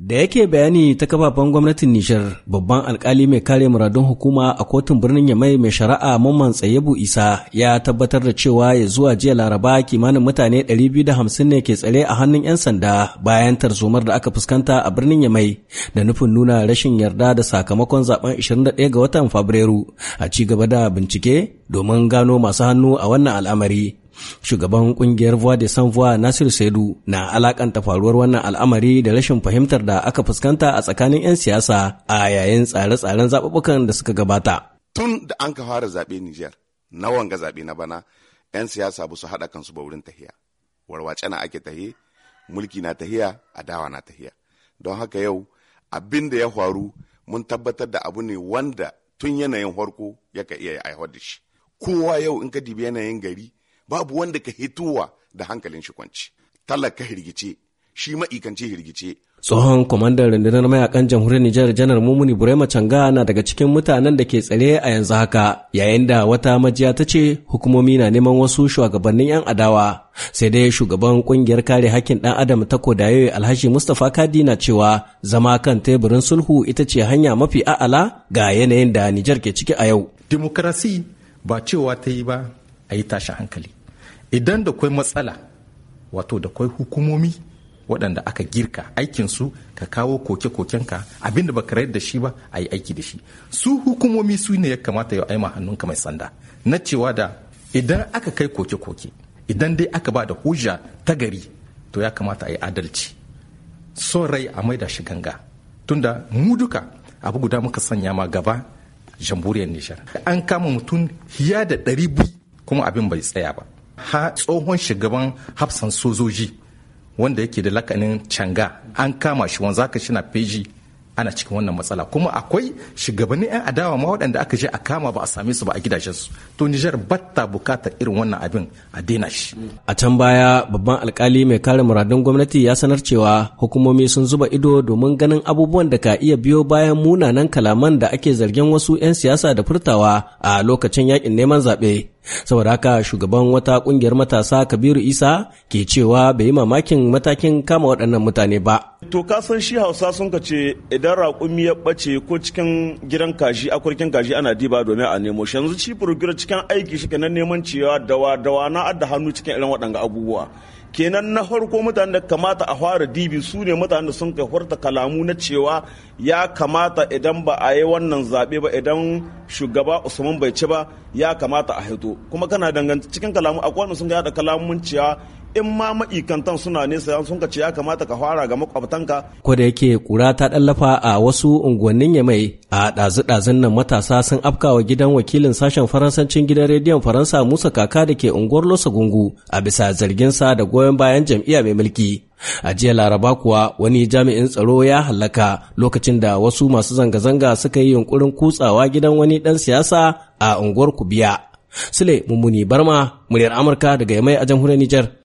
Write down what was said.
Da yake bayani ta kafafen gwamnatin Nijar, babban alkali mai kare muradun hukuma a kotun birnin Yamai mai shari'a Mamman Tsayebu Isa ya tabbatar da cewa ya zuwa jiya Laraba kimanin mutane 250 ne ke tsare a hannun 'yan sanda bayan tarzomar da aka fuskanta a birnin Yamai da nufin nuna rashin yarda da sakamakon zaben 21 ga watan Fabrairu a ci gaba da bincike domin gano masu hannu a wannan al'amari. Shugaban kungiyar Voix de Sans Voix Nasiru Saidu na alakanta faruwar wannan al'amari da rashin fahimtar da aka fuskanta a tsakanin 'yan siyasa a yayin tsare-tsaren zaɓuɓɓukan da suka gabata. Tun da an ka fara zaɓe Nijar, na wanga zaɓe na bana, 'yan siyasa ba su haɗa kansu ba wurin tahiya. Warwace na ake tahi mulki na tahiya, adawa na tahiya. Don haka yau abin da ya faru mun tabbatar da abu ne wanda tun yanayin farko yaka iya haifar da shi kowa yau in ka dibi yanayin gari babu wanda ka hituwa da hankalin shi kwanci talaka hirgice shi ma'ikance hirgice tsohon kwamandan rundunar mayakan jamhuriyar nijar janar mumuni burema canga na daga cikin mutanen da ke tsare a yanzu haka yayin da wata majiya ta ce hukumomi na neman wasu shugabannin yan adawa sai dai shugaban kungiyar kare hakkin dan adam ta kodayo alhaji mustapha kadi na cewa zama kan teburin sulhu ita ce hanya mafi a'ala ga yanayin da nijar ke ciki a yau demokrasi ba cewa ta yi ba a yi tashi hankali idan da kwai matsala wato da kwai hukumomi waɗanda aka girka aikinsu ka kawo koke-kokenka abinda baka rayar da shi ba a yi aiki da shi su hukumomi su ne ya kamata ya aima hannunka mai sanda na cewa da idan aka kai koke-koke idan dai aka ba da hujja ta gari to ya kamata a yi adalci son rai a maida shi ganga tunda mu duka abu guda muka sanya ma gaba jamhuriyar nishar an kama mutum hiya da ɗari biyu kuma abin bai tsaya ba ha tsohon shugaban hafsan sojoji wanda yake da lakanin canga an kama shi wanzu shi na feji ana cikin wannan matsala kuma akwai shugabanni 'yan adawa ma waɗanda aka je a kama ba a same su ba a gidajensu to nijar batta bukatar irin wannan abin a daina shi a can baya babban alkali mai kare muradun gwamnati ya sanar cewa hukumomi sun zuba ido domin ganin abubuwan da ka iya biyo bayan munanan kalaman da ake zargin wasu 'yan siyasa da furtawa a lokacin yakin neman zaɓe saboda haka shugaban wata kungiyar matasa kabiru isa ke cewa bai yi mamakin matakin kama waɗannan mutane ba to ka san shi hausa sun ka ce idan raƙumi ya ɓace ko cikin gidan kaji a kurkin kaji ana diba domin a nemo shi yanzu ci furgira cikin aiki shi kenan neman cewa dawa dawa na adda hannu cikin irin waɗanga abubuwa kenan na farko mutanen da kamata a fara dibi su ne mutanen da sun kai kalamu na cewa ya kamata idan ba a yi wannan zaɓe ba idan shugaba usman bai ci ba ya kamata a haito kuma kana dangantacin cikin kalamu akwai wanda sun ga da kalamun ciya in ma ma'ikantan suna nesa sun ce ya kamata ka fara ga makwabtanka. Ko da yake kura ta ɗallafa a wasu unguwannin ya mai, a ɗazu-ɗazun nan matasa sun afkawa gidan wakilin sashen Faransancin gidan rediyon Faransa Musa Kaka da ke unguwar Losa Gungu a bisa zargin sa da goyon bayan jam'iyya mai mulki. A jiya Laraba kuwa wani jami'in tsaro ya hallaka lokacin da wasu masu zanga-zanga suka yi yunkurin kutsawa gidan wani ɗan siyasa a unguwar Kubiya. Sule Mummuni Barma, muryar Amurka daga Yamai a jamhuriyar Nijar.